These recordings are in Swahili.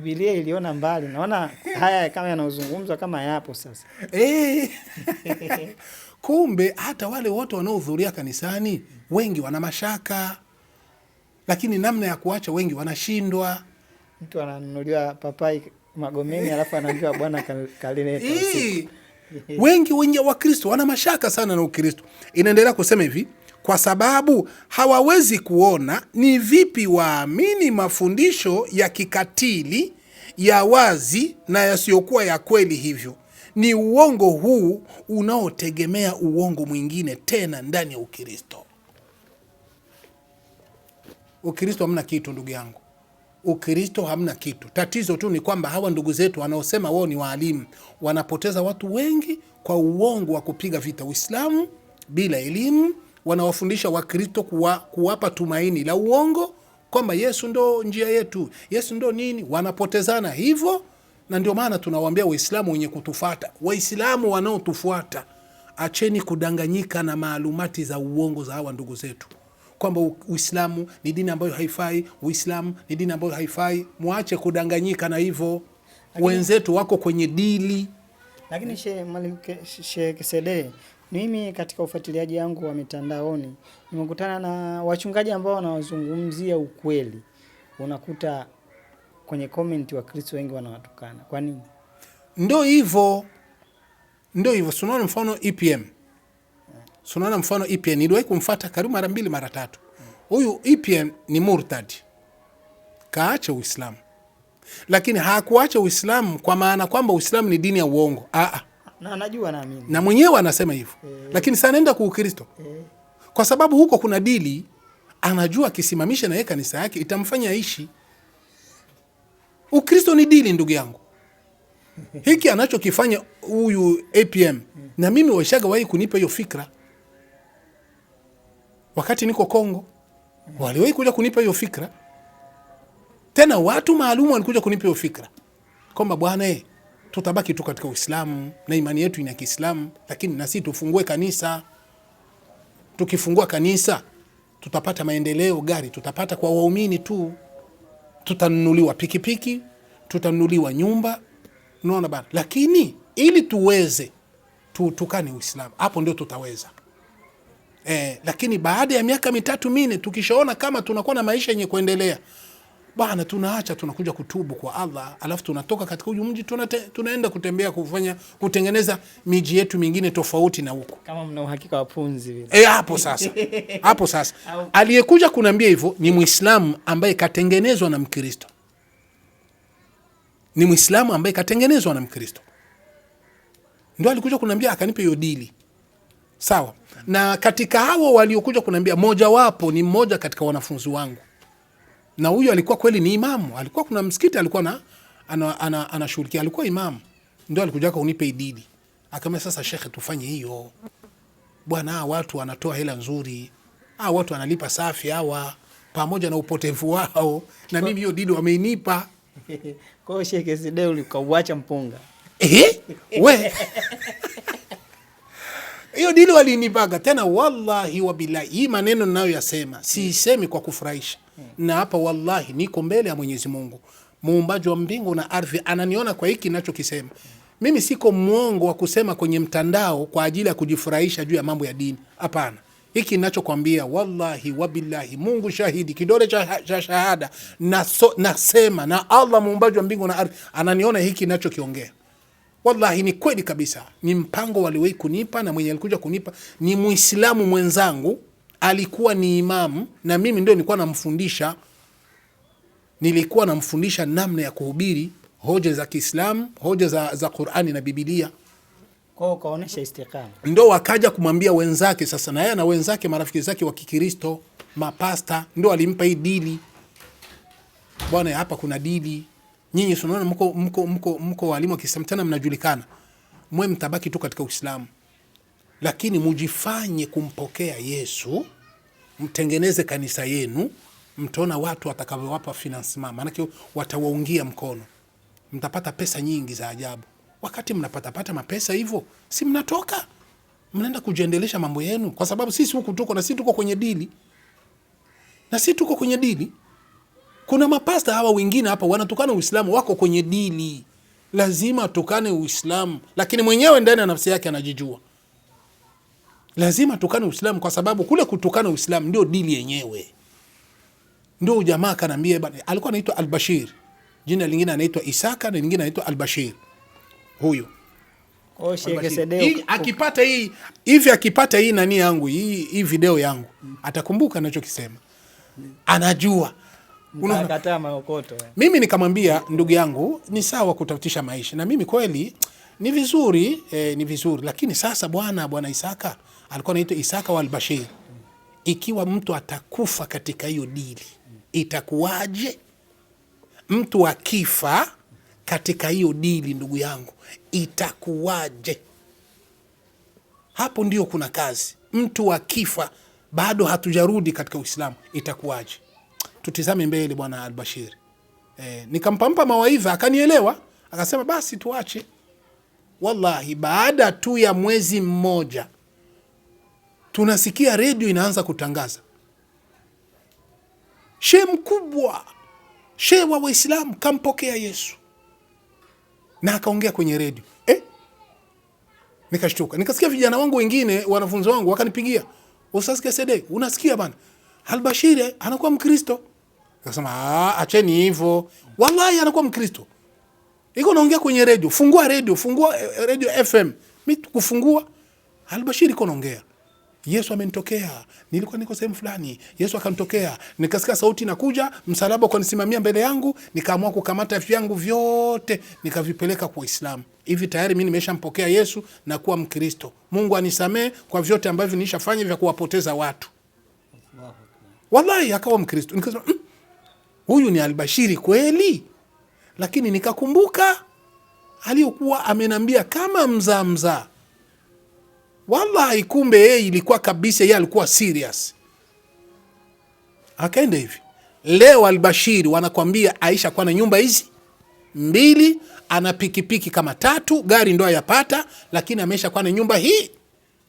Biblia iliona mbali, naona haya kama yanazungumzwa kama yapo sasa. E, kumbe hata wale wote wanaohudhuria kanisani wengi wana mashaka, lakini namna ya kuacha wengi wanashindwa. Mtu ananunuliwa papai Magomeni alafu anaambiwa bwana kalileta E, eh. wengi wengi wa Kristo wana mashaka sana na Ukristo. Inaendelea kusema hivi kwa sababu hawawezi kuona ni vipi waamini mafundisho ya kikatili ya wazi na yasiyokuwa ya kweli. Hivyo ni uongo huu unaotegemea uongo mwingine tena ndani ya Ukristo. Ukristo hamna kitu, ndugu yangu. Ukristo hamna kitu. Tatizo tu ni kwamba hawa ndugu zetu wanaosema wao ni waalimu wanapoteza watu wengi kwa uongo wa kupiga vita Uislamu bila elimu wanawafundisha Wakristo kuwa, kuwapa tumaini la uongo kwamba Yesu ndo njia yetu, Yesu ndo nini. Wanapotezana hivyo, na ndio maana tunawaambia Waislamu wenye kutufata, Waislamu wanaotufuata, acheni kudanganyika na maalumati za uongo za hawa ndugu zetu kwamba Uislamu ni dini ambayo haifai, Uislamu ni dini ambayo haifai. Mwache kudanganyika na hivyo, wenzetu wako kwenye dili. Lakini Sheikh Mwalimu Sheikh mimi katika ufuatiliaji wangu wa mitandaoni nimekutana na wachungaji ambao wanawazungumzia ukweli. Unakuta kwenye komenti Wakristo wengi wanawatukana. Kwa nini? Ndo hivyo, ndo hivyo. Sunaona mfano EPM, sunaona mfano EPM, niliwahi kumfuata karibu mara mbili mara tatu. Huyu EPM ni murtadi, kaacha Uislamu, lakini hakuacha Uislamu kwa maana kwamba Uislamu ni dini ya uongo. Aa. Ah, ah na anajua naamini na mwenyewe anasema hivyo e. Lakini sasa anaenda kwa Ukristo e. Kwa sababu huko kuna dili, anajua akisimamisha na yeye kanisa yake itamfanya aishi. Ukristo ni dili, ndugu yangu. Hiki anachokifanya huyu APM na mimi washaga wahi kunipa hiyo fikra wakati niko Kongo, waliwahi kuja kunipa hiyo fikra, tena watu maalumu walikuja kunipa hiyo fikra kwamba bwana eh, tutabaki tu katika Uislamu na imani yetu ni ya Kiislamu, lakini nasi tufungue kanisa. Tukifungua kanisa tutapata maendeleo, gari tutapata kwa waumini tu, tutanunuliwa pikipiki, tutanunuliwa nyumba, unaona bana. Lakini ili tuweze tutukane Uislamu, hapo ndio tutaweza eh. Lakini baada ya miaka mitatu minne, tukishaona kama tunakuwa na maisha yenye kuendelea bana, tunaacha tunakuja kutubu kwa Allah, alafu tunatoka katika huyu mji tunate, tunaenda kutembea kufanya kutengeneza miji yetu mingine tofauti na huko, kama mna uhakika wa punzi vile eh, hapo sasa hapo sasa aliyekuja kunaambia hivyo ni Muislamu ambaye katengenezwa na Mkristo, ni Muislamu ambaye katengenezwa na Mkristo ndio alikuja kunaambia akanipa hiyo dili sawa. Na katika hao waliokuja kunambia, mojawapo ni mmoja katika wanafunzi wangu na huyo alikuwa kweli ni imamu, alikuwa kuna msikiti alikuwa na anashughulikia, alikuwa imamu, ndio alikuja kunipa ididi, akamwambia sasa, shekhe, tufanye hiyo bwana, watu wanatoa hela nzuri, ah, watu wanalipa safi hawa, pamoja na upotevu wao, na mimi hiyo didi wameinipa. Kwa hiyo Shekhe ulikauacha mpunga eh, we hiyo dili walinipaga tena, wallahi wabillahi. Hii maneno yasema, siisemi kwa kufurahisha na hapa wallahi niko mbele ya Mwenyezi Mungu muumbaji wa mbingu na ardhi, ananiona kwa hiki ninachokisema. Mimi siko mwongo wa kusema kwenye mtandao kwa ajili ya kujifurahisha juu ya mambo ya dini, hapana. Hiki ninachokwambia wallahi wabillahi, Mungu shahidi, kidole cha shahada na nasema na Allah muumbaji wa mbingu na ardhi ananiona hiki ninachokiongea wallahi ni kweli kabisa, ni mpango waliwahi kunipa na mwenye alikuja kunipa ni Muislamu mwenzangu alikuwa ni imamu na mimi ndio nilikuwa namfundisha, nilikuwa namfundisha namna ya kuhubiri hoja za Kiislamu, hoja za, za Qur'ani na Biblia. Kwa kaonesha istiqama, ndo wakaja kumwambia wenzake sasa, na yeye na wenzake marafiki zake wa Kikristo mapasta, ndo alimpa hii dili, bwana, hapa kuna dili, nyinyi mko mko mko mko walimu wa Kiislamu, tena mnajulikana, mwe mtabaki tu katika Uislamu lakini mujifanye kumpokea Yesu, mtengeneze kanisa yenu, mtaona watu watakavyowapa finansma, maanake watawaungia mkono, mtapata pesa nyingi za ajabu. Wakati mnapatapata mapesa hivyo, si mnatoka mnaenda kujiendelesha mambo yenu, kwa sababu sisi huku tuko na si tuko kwenye dili na si tuko kwenye dili. Kuna mapasta hawa wengine hapa wanatukana Uislamu, wako kwenye dili, lazima tukane Uislamu, lakini mwenyewe ndani ya nafsi yake anajijua lazima tukane Uislamu kwa sababu kule kutukana Uislamu ndio dili yenyewe. Ndio ujamaa kanaambia bana, alikuwa anaitwa Albashir, jina lingine anaitwa Isaka na lingine anaitwa Albashir. Huyu oh, akipata hii hivi, akipata hii nani yangu hii hii video yangu atakumbuka anachokisema, anajua Mimi nikamwambia ndugu yangu, ni sawa kutafutisha maisha, na mimi kweli ni vizuri eh, ni vizuri lakini sasa, bwana bwana Isaka alikuwa anaitwa Isaka wa Bashir. Ikiwa mtu atakufa katika hiyo dili itakuwaje? Mtu akifa katika hiyo dili, ndugu yangu, itakuwaje? Hapo ndio kuna kazi. Mtu akifa bado hatujarudi katika Uislamu, itakuwaje? Tutizame mbele. Bwana Albashiri eh, nikampampa mawaidha akanielewa, akasema basi tuache wallahi, baada tu ya mwezi mmoja tunasikia redio inaanza kutangaza shehe mkubwa, shehe wa Waislamu kampokea Yesu na akaongea kwenye redio eh? Nikashtuka, nikasikia vijana wangu wengine, wanafunzi wangu wakanipigia, Ustaz Kesede, unasikia bana Albashiri eh, anakuwa Mkristo. kasema acheni hivyo, wallahi anakuwa Mkristo. Iko naongea kwenye redio, fungua redio, fungua eh, eh, redio FM. Mi kufungua Albashiri iko naongea. Yesu amenitokea, nilikuwa niko sehemu fulani, Yesu akanitokea, nikasikia sauti inakuja, msalaba ukanisimamia mbele yangu, nikaamua kukamata vyangu vyote nikavipeleka kwa Uislamu. Hivi tayari mimi nimeshampokea Yesu na kuwa Mkristo. Mungu anisamee kwa vyote ambavyo nishafanya vya kuwapoteza watu. Wallahi akawa Mkristo. Nikasema, mm, huyu ni Albashiri kweli? lakini nikakumbuka aliyokuwa amenambia kama mzaa mzaa. Wallahi, kumbe yeye ilikuwa kabisa, yeye alikuwa serious. Akaenda hivi leo, Albashiri wanakwambia Aisha kwa na nyumba hizi mbili, ana pikipiki kama tatu, gari ndo ayapata, lakini ameisha kwa na nyumba hii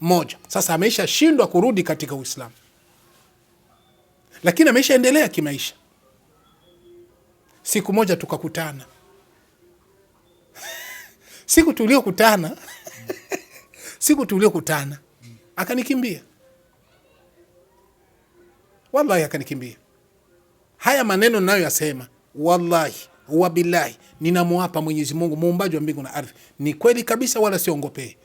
moja. Sasa ameisha shindwa kurudi katika Uislamu, lakini endelea kimaisha. Siku moja tukakutana siku tuliokutana siku tuliokutana akanikimbia, wallahi, akanikimbia. Haya maneno yasema wallahi wabillahi, ninamwapa Mwenyezi Mungu muumbaji wa mbingu na ardhi, ni kweli kabisa, wala siongopee.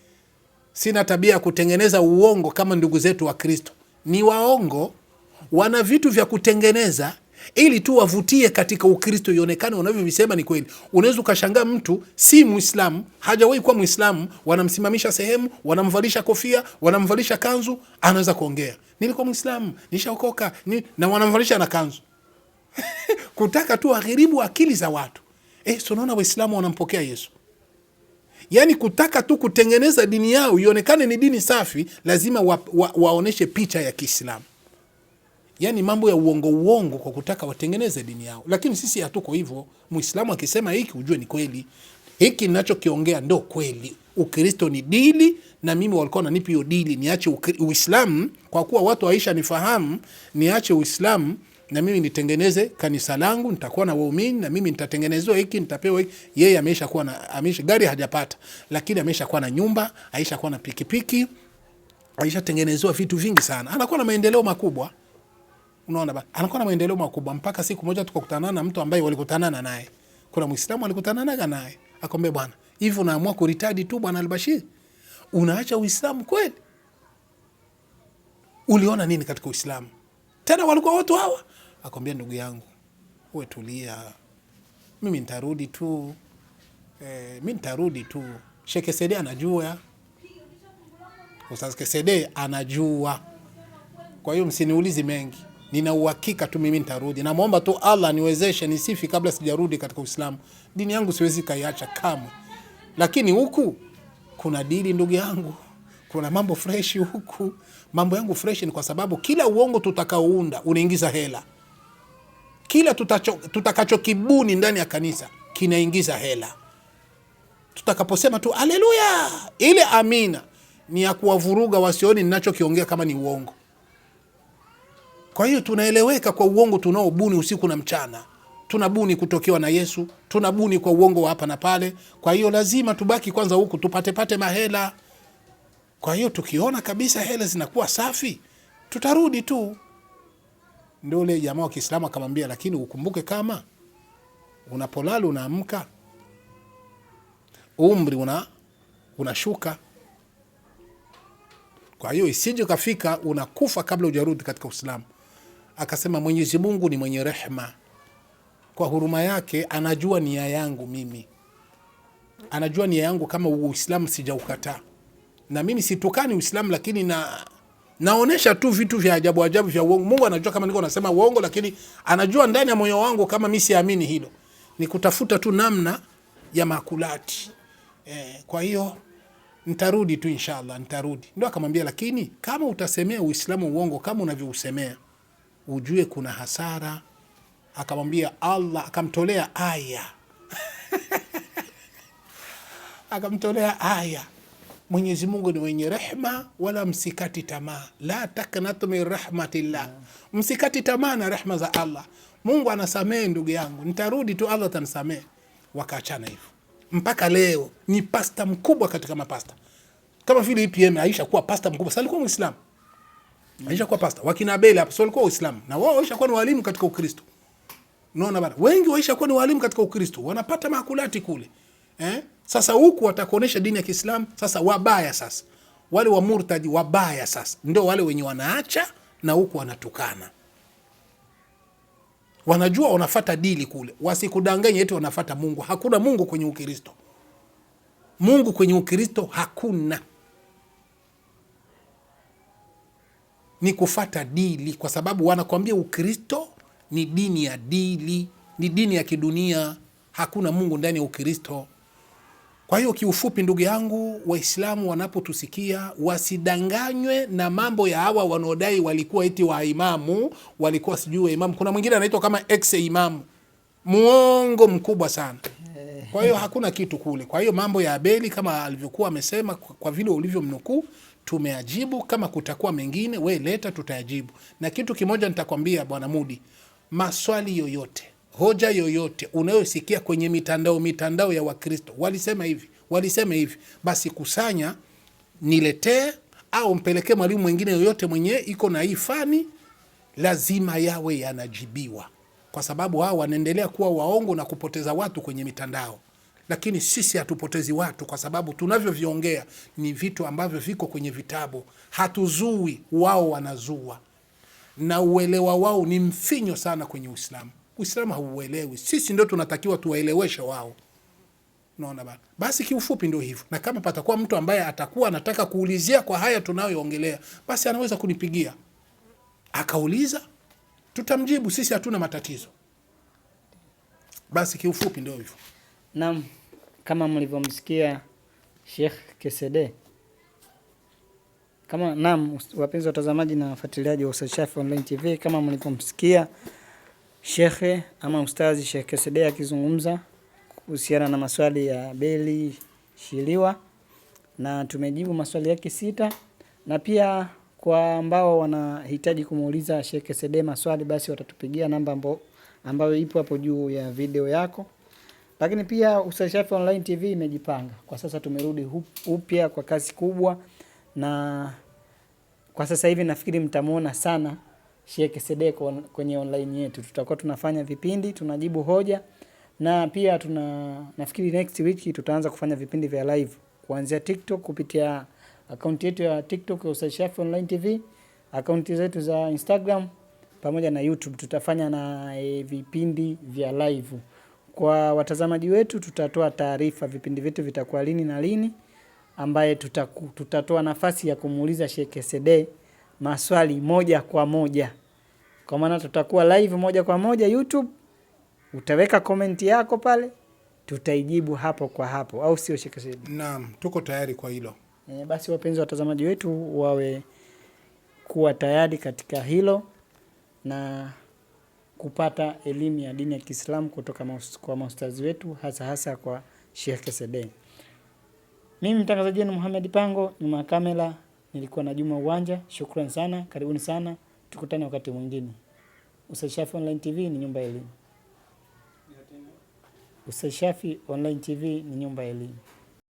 Sina tabia ya kutengeneza uongo kama ndugu zetu wa Kristo. Ni waongo, wana vitu vya kutengeneza ili tu wavutie katika Ukristo, ionekane unavyovisema ni kweli. Unaweza ukashangaa mtu si Muislamu, hajawahi kuwa Muislamu, wanamsimamisha sehemu, wanamvalisha kofia, wanamvalisha kanzu, anaweza kuongea nilikuwa Muislamu, nishaokoka ni, na wanamvalisha na kanzu kutaka tu wagharibu akili za watu. Eh, sunaona Waislamu wanampokea Yesu yaani kutaka tu kutengeneza dini yao ionekane ni dini safi, lazima wa, wa, waoneshe picha ya Kiislamu yani mambo ya uongo uongo kwa kutaka watengeneze dini yao, lakini sisi hatuko hivyo. Muislamu akisema hiki ujue ni kweli, hiki ninachokiongea ndo kweli. Ukristo ni dili, na mimi walikuwa wananipa hiyo dili niache Uislamu kwa kuwa watu waisha nifahamu, niache Uislamu na mimi nitengeneze kanisa langu, nitakuwa na waumini na mimi nitatengenezewa hiki, nitapewa hiki. Yeye amesha kuwa na amesha gari hajapata, lakini amesha kuwa na nyumba, aisha kuwa na pikipiki, aisha tengenezewa vitu vingi sana, anakuwa na maendeleo makubwa. Unaona ba, anakuwa na maendeleo makubwa mpaka siku moja tukakutana na mtu ambaye walikutanana naye. Kuna Muislamu alikutananaga naye. Akamwambia bwana, hivi unaamua kuritadi tu bwana Albashir? Unaacha Uislamu kweli? Uliona nini katika Uislamu? Tena walikuwa watu hawa. Akamwambia ndugu yangu, wewe tulia. Mimi ntarudi tu. e, eh, mi ntarudi tu. Sheikh Sede anajua. Ustaz Kesede anajua. Kwa hiyo msiniulizi mengi nina uhakika tu mimi nitarudi. Namwomba tu Allah niwezeshe nisifi kabla sijarudi katika Uislamu. Dini yangu siwezi kaiacha kamwe, lakini huku kuna dili, ndugu yangu, kuna mambo freshi huku. Mambo yangu freshi ni kwa sababu kila uongo tutakaounda unaingiza hela, kila tutakachokibuni ndani ya kanisa kinaingiza hela. Tutakaposema tu aleluya, ile amina ni ya kuwavuruga wasioni ninachokiongea kama ni uongo. Kwa hiyo tunaeleweka kwa uongo tunaobuni usiku na mchana, tunabuni kutokewa na Yesu, tunabuni kwa uongo wa hapa na pale. Kwa hiyo lazima tubaki kwanza huku tupatepate mahela. Kwa hiyo tukiona kabisa hela zinakuwa safi, tutarudi tu. Ndio ule jamaa wa Kiislamu akamwambia, lakini ukumbuke kama unapolala unaamka, umri una unashuka. Kwa hiyo isije ukafika unakufa kabla hujarudi katika Uislamu akasema Mwenyezi Mungu ni mwenye rehma, kwa huruma yake anajua nia yangu mimi, anajua nia yangu kama Uislamu sijaukataa, na mimi situkani Uislamu, lakini na naonesha tu vitu vya ajabu ajabu vya uongo. Mungu anajua kama niko nasema uongo, lakini anajua ndani ya moyo wangu kama mimi siamini hilo, ni kutafuta tu namna ya makulati eh. Kwa hiyo nitarudi tu inshallah, nitarudi. Ndio akamwambia, lakini kama utasemea Uislamu uongo kama unavyousemea ujue kuna hasara. Akamwambia Allah, akamtolea aya akamtolea aya. Mwenyezi Mungu ni mwenye rehma, wala msikati tamaa. La taknatu min rahmatillah, msikati tamaa na rehma za Allah. Mungu anasamehe ndugu yangu, nitarudi tu, Allah atanisamehe. Wakaachana hivyo mpaka leo ni pasta mkubwa katika mapasta, kama vile IPM e Aisha kuwa pasta mkubwa, salikuwa Mwislamu Aishakuwa pasta. Wakina Abeli hapo walikuwa Waislamu na wao waishakuwa ni walimu katika Ukristo. Unaona bana? Wengi waishakuwa ni walimu katika Ukristo, wanapata makulati kule. Eh? Sasa huku dini ya Kiislamu, sasa wabaya sasa. Wale wa murtadi wabaya sasa. Ndio wale wenye wanaacha na huku wanatukana. Wanajua wanafata dili kule. Wasikudanganye eti wanafata Mungu. Hakuna Mungu kwenye Ukristo. Mungu kwenye Ukristo hakuna. ni kufata dili, kwa sababu wanakwambia Ukristo ni dini ya dili, ni dini ya kidunia. Hakuna Mungu ndani ya Ukristo. Kwa hiyo kiufupi, ndugu yangu, Waislamu wanapotusikia wasidanganywe na mambo ya hawa wanaodai walikuwa eti waimamu, walikuwa sijui waimamu. Kuna mwingine anaitwa kama ex imamu, muongo mkubwa sana. Kwa hiyo hakuna kitu kule. Kwa hiyo mambo ya Abeli kama alivyokuwa amesema, kwa vile ulivyo mnukuu tumeajibu. Kama kutakuwa mengine, we leta, tutayajibu. Na kitu kimoja nitakwambia bwana Mudi, maswali yoyote, hoja yoyote unayosikia kwenye mitandao mitandao ya Wakristo, walisema hivi, walisema hivi, basi kusanya, niletee au mpelekee mwalimu mwingine yoyote mwenye iko na hii fani, lazima yawe yanajibiwa, kwa sababu hao wanaendelea kuwa waongo na kupoteza watu kwenye mitandao lakini sisi hatupotezi watu, kwa sababu tunavyoviongea ni vitu ambavyo viko kwenye vitabu. Hatuzui, wao wanazua, na uelewa wao ni mfinyo sana kwenye Uislamu. Uislamu hauuelewi, sisi ndio tunatakiwa tuwaeleweshe wao. Naona bana, basi kiufupi ndio hivyo. Na kama patakuwa mtu ambaye atakuwa anataka kuulizia kwa haya tunayoongelea, basi anaweza kunipigia akauliza, tutamjibu. Sisi hatuna matatizo. Basi kiufupi ndio hivyo. Naam, kama mlivyomsikia Sheikh Kesede. Kama naam, wapenzi watazamaji na wafuatiliaji wa Ustadh Shafii Online TV, kama mlivyomsikia Sheikh ama ustazi Sheikh Kesede akizungumza kuhusiana na maswali ya Beli Shiliwa, na tumejibu maswali yake sita, na pia kwa ambao wanahitaji kumuuliza Sheikh Kesede maswali, basi watatupigia namba ambayo ipo hapo juu ya video yako lakini pia Ustadhi Shafii Online TV imejipanga kwa sasa, tumerudi upya kwa kasi kubwa, na kwa sasa hivi nafikiri mtamwona sana Sheikh Sedeko kwenye online yetu. Tutakuwa tunafanya vipindi, tunajibu hoja na pia tuna nafikiri next week tutaanza kufanya vipindi vya live kuanzia TikTok kupitia akaunti yetu ya TikTok ya Ustadhi Online TV, akaunti zetu za Instagram pamoja na YouTube tutafanya na e, vipindi vya live. Kwa watazamaji wetu tutatoa taarifa vipindi vyetu vitakuwa lini na lini, ambaye tutaku, tutatoa nafasi ya kumuuliza Sheikh SD maswali moja kwa moja, kwa maana tutakuwa live moja kwa moja YouTube. Utaweka komenti yako pale, tutaijibu hapo kwa hapo, au sio Sheikh SD? Naam, tuko tayari kwa hilo. E, basi wapenzi watazamaji wetu wawe kuwa tayari katika hilo na kupata elimu ya dini ya Kiislamu kutoka kwa maustazi wetu hasa hasa kwa Sheikh Kesede. Mimi mtangazaji wenu Muhammad Pango, nyuma ya kamera nilikuwa na Juma Uwanja. Shukrani sana, karibuni sana, tukutane wakati mwingine. Ustaz Shafi Online TV ni nyumba ya elimu. Ustaz Shafi Online TV ni nyumba ya elimu.